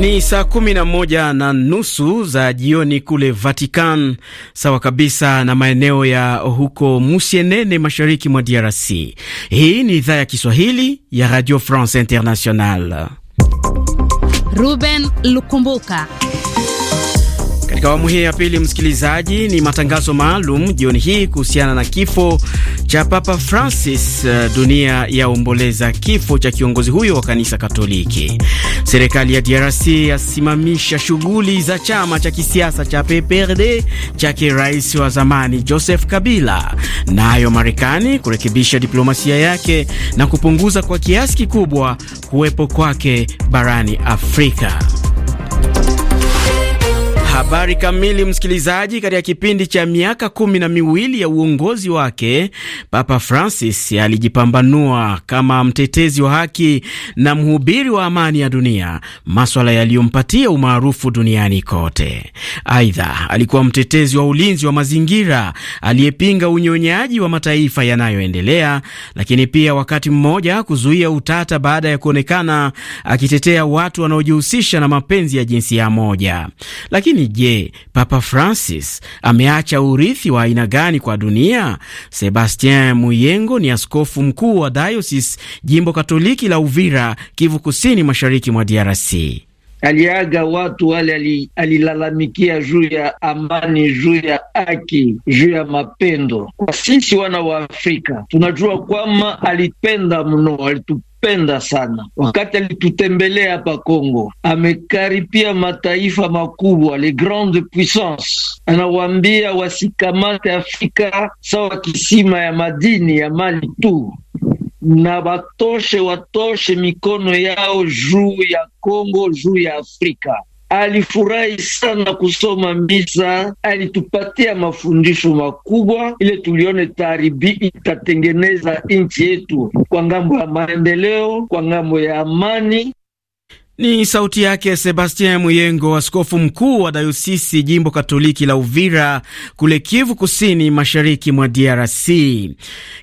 Ni saa kumi na moja na nusu za jioni kule Vatican, sawa kabisa na maeneo ya huko Musienene, mashariki mwa DRC. Hii ni idhaa ya Kiswahili ya Radio France international Ruben Lukumbuka katika awamu hii ya pili, msikilizaji, ni matangazo maalum jioni hii kuhusiana na kifo cha Papa Francis. Eh, dunia yaomboleza kifo cha kiongozi huyo wa kanisa Katoliki. Serikali ya DRC yasimamisha shughuli za chama cha kisiasa cha PPRD chake rais wa zamani Joseph Kabila. Nayo na Marekani kurekebisha diplomasia yake na kupunguza kwa kiasi kikubwa kuwepo kwake barani Afrika. Habari kamili, msikilizaji. Katika kipindi cha miaka kumi na miwili ya uongozi wake, Papa Francis alijipambanua kama mtetezi wa haki na mhubiri wa amani ya dunia, maswala yaliyompatia umaarufu duniani kote. Aidha, alikuwa mtetezi wa ulinzi wa mazingira aliyepinga unyonyaji wa mataifa yanayoendelea, lakini pia wakati mmoja kuzuia utata baada ya kuonekana akitetea watu wanaojihusisha na mapenzi ya jinsia moja, lakini je, Papa Francis ameacha urithi wa aina gani kwa dunia? Sebastien Muyengo ni askofu mkuu wa dayosis jimbo Katoliki la Uvira, Kivu Kusini, mashariki mwa DRC. Aliaga watu wale, alilalamikia juu ya amani, juu ya haki, juu ya mapendo. Kwa sisi wana wa Afrika tunajua kwamba alipenda mno, alitu penda sana wakati alitutembelea hapa Kongo, amekaripia mataifa makubwa, les grandes puissances, anawaambia wasikamate Afrika sawa kisima ya madini ya mali tu, na watoshe watoshe mikono yao juu ya Kongo, juu ya Afrika. alifurahi sana kusoma misa, alitupatia mafundisho makubwa ile tulione taaribi itatengeneza nchi yetu kwa ngambo ya maendeleo, kwa ngambo ya amani ni sauti yake Sebastien Muyengo, askofu mkuu wa dayosisi jimbo katoliki la Uvira kule Kivu Kusini, mashariki mwa DRC.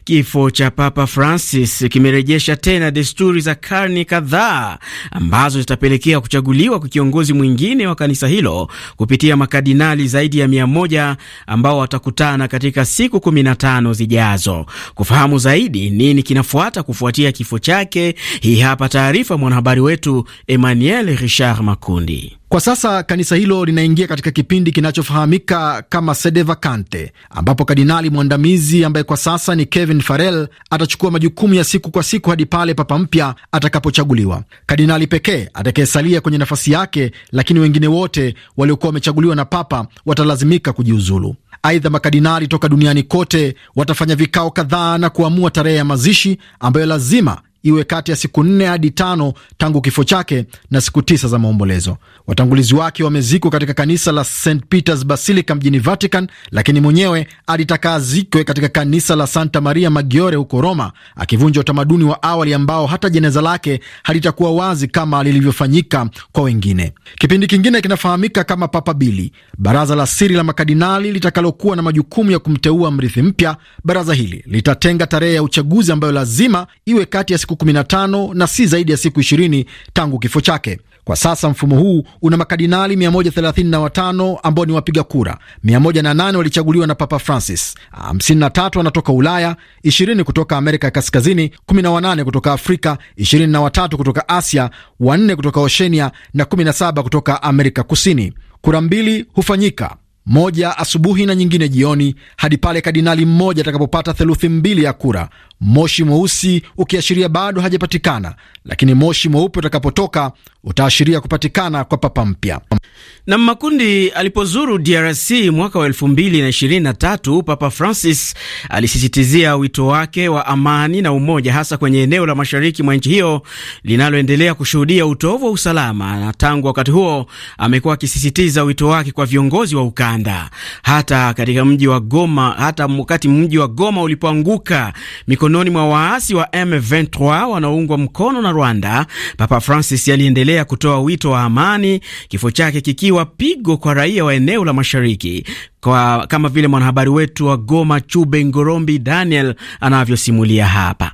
Kifo cha Papa Francis kimerejesha tena desturi za karne kadhaa ambazo zitapelekea kuchaguliwa kwa kiongozi mwingine wa kanisa hilo kupitia makadinali zaidi ya mia moja ambao watakutana katika siku 15 zijazo. Kufahamu zaidi nini kinafuata kufuatia kifo chake, hii hapa taarifa mwanahabari wetu Emma Emmanuel Richard Makundi. Kwa sasa kanisa hilo linaingia katika kipindi kinachofahamika kama sede vacante, ambapo kardinali mwandamizi ambaye kwa sasa ni Kevin Farrell atachukua majukumu ya siku kwa siku hadi pale papa mpya atakapochaguliwa. Kardinali pekee atakayesalia kwenye nafasi yake, lakini wengine wote waliokuwa wamechaguliwa na papa watalazimika kujiuzulu. Aidha, makardinali toka duniani kote watafanya vikao kadhaa na kuamua tarehe ya mazishi ambayo lazima iwe kati ya siku nne hadi tano tangu kifo chake na siku tisa za maombolezo. Watangulizi wake wamezikwa katika kanisa la St Peters Basilica mjini Vatican, lakini mwenyewe alitaka azikwe katika kanisa la Santa Maria Maggiore huko Roma, akivunja utamaduni wa awali ambao hata jeneza lake halitakuwa wazi kama lilivyofanyika kwa wengine. Kipindi kingine kinafahamika kama Papa Bili, baraza la siri la makadinali litakalokuwa na majukumu ya kumteua mrithi mpya. Baraza hili litatenga tarehe ya uchaguzi ambayo lazima iwe kati ya siku siku 15 na si zaidi ya siku 20 tangu kifo chake. Kwa sasa mfumo huu una makardinali 135 ambao ni wapiga kura, 108 walichaguliwa na Papa Francis, 53 wanatoka Ulaya, 20 kutoka Amerika ya Kaskazini, 18 kutoka Afrika, 23 kutoka Asia, wanne kutoka Oshenia na 17 kutoka Amerika Kusini. Kura mbili hufanyika moja asubuhi na nyingine jioni, hadi pale kardinali mmoja atakapopata theluthi mbili ya kura, moshi mweusi ukiashiria bado hajapatikana, lakini moshi mweupe utakapotoka utaashiria kupatikana kwa papa mpya. Na Makundi alipozuru DRC mwaka wa tatu, Papa Francis alisisitizia wito wake wa amani na umoja, hasa kwenye eneo la mashariki mwa nchi hiyo linaloendelea kushuhudia utovu wa usalama, na tangu wakati huo amekuwa akisisitiza wito wake kwa viongozi wa ukanda. Hata katika mji wa Goma, hata wakati mji wa Goma ulipoanguka mikononi mwa waasi wa M23 wanaoungwa mkono na Rwanda, Papa Francis aliendelea kutoa wito wa amani, kifo chake kikiwa pigo kwa raia wa eneo la mashariki kwa, kama vile mwanahabari wetu wa Goma Chube Ngorombi Daniel anavyosimulia hapa.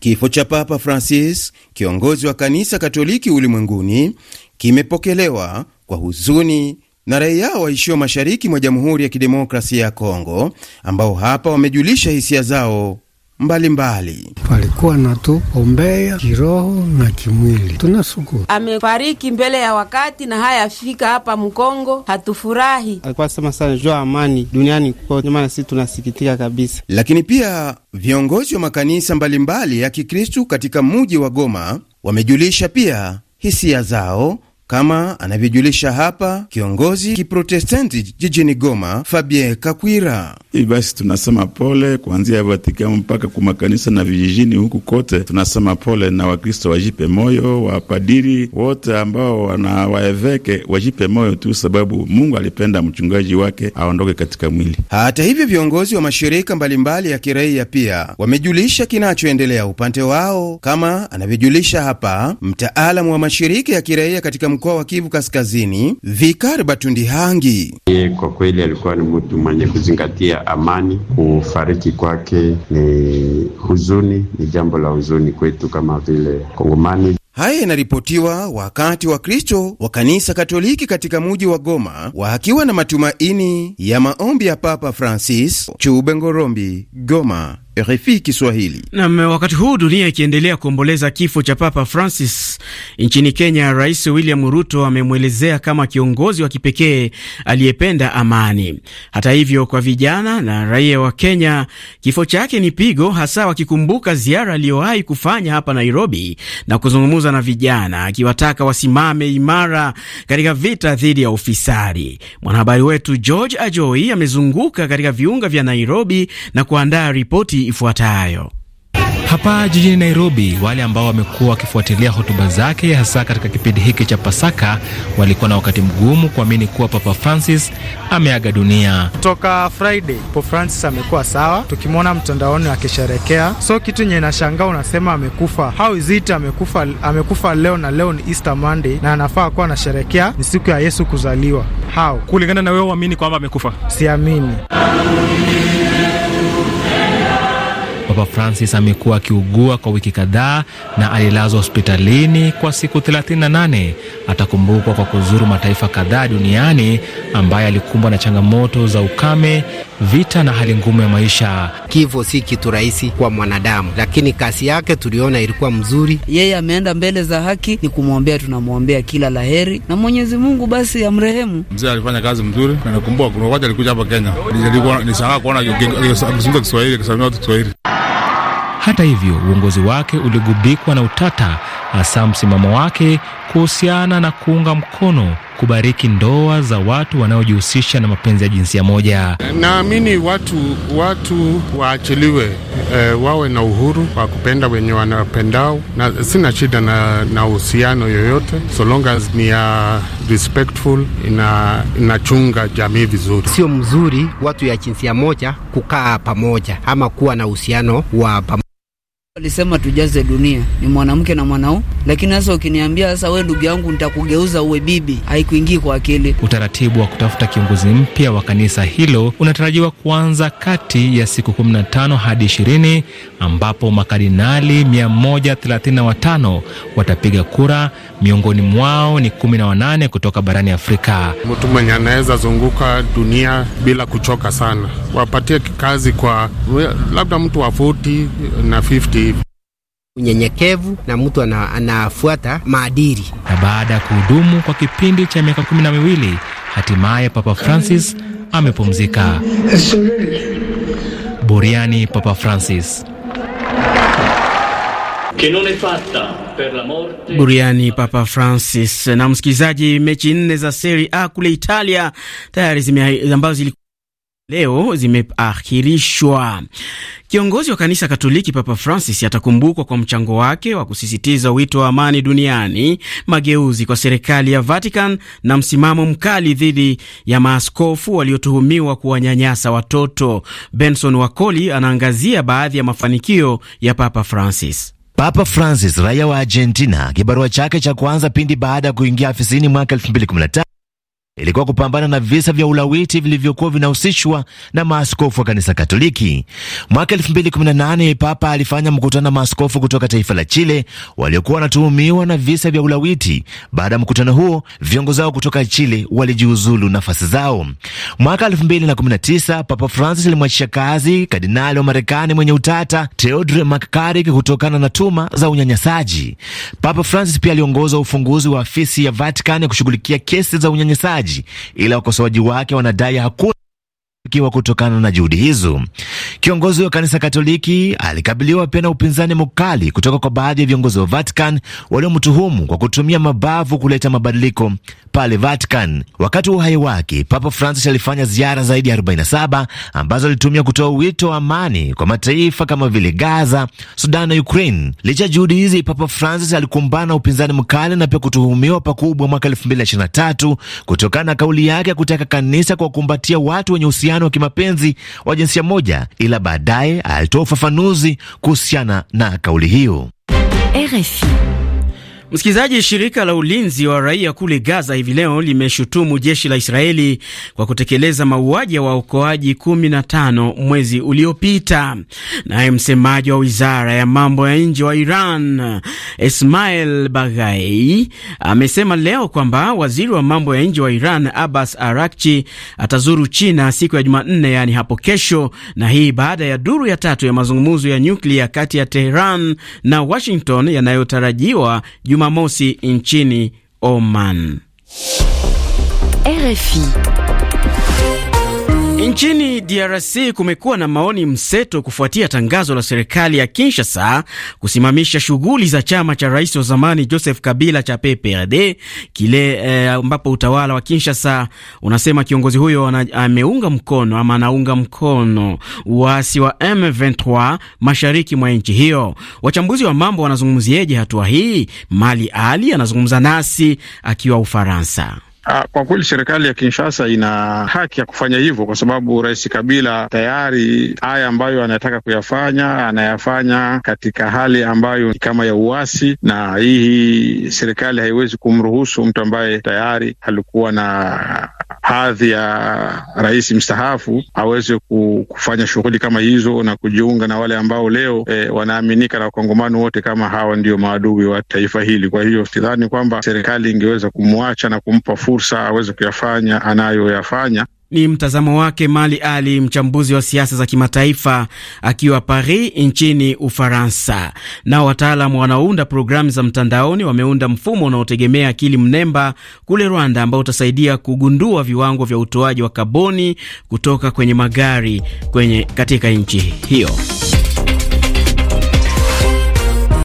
Kifo cha Papa Francis, kiongozi wa kanisa Katoliki ulimwenguni, kimepokelewa kwa huzuni na raia waishio mashariki mwa Jamhuri ya Kidemokrasia ya Kongo ambao hapa wamejulisha hisia zao mbalimbali walikuwa na kiroho na kimwili. Tunashukuru amefariki mbele ya wakati, na haya afika hapa Mkongo, hatufurahi. Alikuwa sema sana jua amani duniani kote, maana sisi tunasikitika kabisa. Lakini pia viongozi wa makanisa mbalimbali mbali ya Kikristu katika mji wa Goma wamejulisha pia hisia zao kama anavyojulisha hapa kiongozi kiprotestanti jijini Goma, Fabien Kakwira. Hivi basi tunasema pole kuanzia Vatikani mpaka kumakanisa makanisa na vijijini huku kote, tunasema pole na Wakristo wajipe moyo, wapadiri wote ambao wana waeveke wajipe moyo tu, sababu Mungu alipenda mchungaji wake aondoke katika mwili. Hata hivyo, viongozi wa mashirika mbalimbali ya kiraia pia wamejulisha kinachoendelea upande wao, kama anavyojulisha hapa mtaalamu wa mashirika ya kiraia katika mkoa wa Kivu Kaskazini, vikar batundi hangi ye kwa kweli alikuwa ni mtu mwenye kuzingatia amani. Kufariki kwake ni huzuni, ni jambo la huzuni kwetu kama vile Kongomani. Haya yanaripotiwa wakati wa Kristo wa kanisa Katoliki katika muji wa Goma wakiwa na matumaini ya maombi ya Papa Francis. Chube Ngorombi, Goma. RFI Kiswahili. Na wakati huu dunia ikiendelea kuomboleza kifo cha Papa Francis, nchini Kenya Rais William Ruto amemwelezea kama kiongozi wa kipekee aliyependa amani. Hata hivyo, kwa vijana na raia wa Kenya, kifo chake ni pigo, hasa wakikumbuka ziara aliyowahi kufanya hapa Nairobi na kuzungumza na vijana, akiwataka wasimame imara katika vita dhidi ya ufisadi. Mwanahabari wetu George Ajoi amezunguka katika viunga vya Nairobi na kuandaa ripoti ifuatayo. Hapa jijini Nairobi, wale ambao wamekuwa wakifuatilia hotuba zake hasa katika kipindi hiki cha Pasaka walikuwa na wakati mgumu kuamini kuwa Papa Francis ameaga dunia. Kutoka Friday, Papa Francis amekuwa sawa, tukimwona mtandaoni akisherekea. So kitu nye nashangaa, unasema amekufa. How is it amekufa? Amekufa leo na leo ni Easter Monday na anafaa kuwa anasherekea, ni siku ya Yesu kuzaliwa. How? Kulingana na wewe, uamini kwamba amekufa? Siamini. Papa Francis amekuwa akiugua kwa wiki kadhaa na alilazwa hospitalini kwa siku 38. Atakumbukwa kwa kuzuru mataifa kadhaa duniani ambaye alikumbwa na changamoto za ukame, vita na hali ngumu ya maisha. Kifo si kitu rahisi kwa mwanadamu, lakini kasi yake tuliona ilikuwa mzuri. Yeye ameenda mbele za haki, ni kumwombea, tunamwombea kila laheri na Mwenyezi Mungu basi amrehemu. Mzee alifanya kazi mzuri, nakumbuka kuna wakati alikuja hapa Kenya, nilikuwa kuona mzungumza Kiswahili, watu Kiswahili. Hata hivyo, uongozi wake uligubikwa na utata, hasa msimamo wake kuhusiana na kuunga mkono kubariki ndoa za watu wanaojihusisha na mapenzi ya jinsia moja. Naamini watu watu waachiliwe, e, wawe na uhuru wa kupenda wenye wanapendao, na sina shida na uhusiano yoyote, so long as ni ya respectful, ina inachunga jamii vizuri. Sio mzuri watu ya jinsia moja kukaa pamoja ama kuwa na uhusiano wa pamoja. Alisema tujaze dunia ni mwanamke na mwanaume, lakini sasa ukiniambia sasa, we ndugu yangu, nitakugeuza uwe bibi, haikuingii kwa akili. Utaratibu wa kutafuta kiongozi mpya wa kanisa hilo unatarajiwa kuanza kati ya siku 15 hadi 20, ambapo makardinali 135 watapiga kura. Miongoni mwao ni 18 kutoka barani Afrika. Mtu mwenye anaweza zunguka dunia bila kuchoka sana, wapatie kazi kwa labda mtu wa 40 na 50 unyenyekevu na mtu ana, anafuata maadili. Na baada ya kuhudumu kwa kipindi cha miaka kumi na miwili, hatimaye Papa Francis amepumzika. Buriani Papa Francis. Buriani Papa Francis. Na msikilizaji, mechi nne za Serie A kule Italia tayari ambazo zilikuwa leo zimeahirishwa. Kiongozi wa kanisa Katoliki Papa Francis atakumbukwa kwa mchango wake wa kusisitiza wito wa amani duniani, mageuzi kwa serikali ya Vatican na msimamo mkali dhidi ya maaskofu waliotuhumiwa kuwanyanyasa watoto. Benson Wakoli anaangazia baadhi ya mafanikio ya Papa Francis. Papa Francis, raia wa Argentina, kibarua chake cha kwanza pindi baada ya kuingia afisini mwaka 2015 ilikuwa kupambana na visa vya ulawiti vilivyokuwa vinahusishwa na maaskofu wa kanisa Katoliki. Mwaka 2018 Papa alifanya mkutano na maaskofu kutoka taifa la Chile waliokuwa wanatuhumiwa na visa vya ulawiti. Baada ya mkutano huo, viongozi wao kutoka Chile walijiuzulu nafasi zao. Mwaka 2019 Papa Francis alimwachisha kazi kardinali wa Marekani mwenye utata Theodore McCarrick kutokana na tuma za unyanyasaji. Papa Francis pia aliongoza ufunguzi wa afisi ya Vatican ya kushughulikia kesi za unyanyasaji ukosoaji, ila wakosoaji wake wanadai hakuna ikiwa kutokana na juhudi hizo. Kiongozi wa kanisa Katoliki alikabiliwa pia na upinzani mkali kutoka kwa baadhi ya viongozi wa Vatican waliomtuhumu kwa kutumia mabavu kuleta mabadiliko pale Vatican. Wakati wa uhai wake, Papa Francis alifanya ziara zaidi ya 47 ambazo alitumia kutoa wito wa amani kwa mataifa kama vile Gaza, Sudan na Ukraine. Licha ya juhudi hizi, Papa Francis alikumbana na upinzani mkali na pia kutuhumiwa pakubwa mwaka 2023 kutokana na kauli yake ya kutaka kanisa kuwakumbatia watu wenye uhusiano uhusiano wa kimapenzi wa jinsia moja, ila baadaye alitoa ufafanuzi kuhusiana na kauli hiyo. RFI Msikilizaji, shirika la ulinzi wa raia kule Gaza hivi leo limeshutumu jeshi la Israeli kwa kutekeleza mauaji ya waokoaji 15 mwezi uliopita. Naye msemaji wa wizara ya mambo ya nje wa Iran Ismail Baghai amesema leo kwamba waziri wa mambo ya nje wa Iran Abbas Arakchi atazuru China siku ya Jumanne, yaani hapo kesho, na hii baada ya duru ya tatu ya mazungumzo ya nyuklia kati ya Teheran na Washington yanayotarajiwa Jumamosi nchini Oman. RFI Nchini DRC kumekuwa na maoni mseto kufuatia tangazo la serikali ya Kinshasa kusimamisha shughuli za chama cha rais wa zamani Joseph Kabila cha PPRD kile eh, ambapo eh, utawala wa Kinshasa unasema kiongozi huyo ameunga mkono ama anaunga mkono uasi wa M23 mashariki mwa nchi hiyo. Wachambuzi wa mambo wanazungumzieje hatua hii? Mali Ali anazungumza nasi akiwa Ufaransa. Ah, kwa kweli serikali ya Kinshasa ina haki ya kufanya hivyo, kwa sababu Rais Kabila tayari haya ambayo anataka kuyafanya anayafanya katika hali ambayo kama ya uasi, na hii serikali haiwezi kumruhusu mtu ambaye tayari alikuwa na hadhi ya rais mstaafu aweze kufanya shughuli kama hizo na kujiunga na wale ambao leo e, wanaaminika na wakongomano wote kama hawa ndio maadui wa taifa hili. Kwa hiyo sidhani kwamba serikali ingeweza kumwacha na kumpa fursa fursa aweze kuyafanya anayoyafanya. Ni mtazamo wake Mali Ali, mchambuzi wa siasa za kimataifa akiwa Paris nchini Ufaransa. Nao wataalam wanaounda programu za mtandaoni wameunda mfumo unaotegemea akili mnemba kule Rwanda, ambao utasaidia kugundua viwango vya utoaji wa kaboni kutoka kwenye magari kwenye katika nchi hiyo.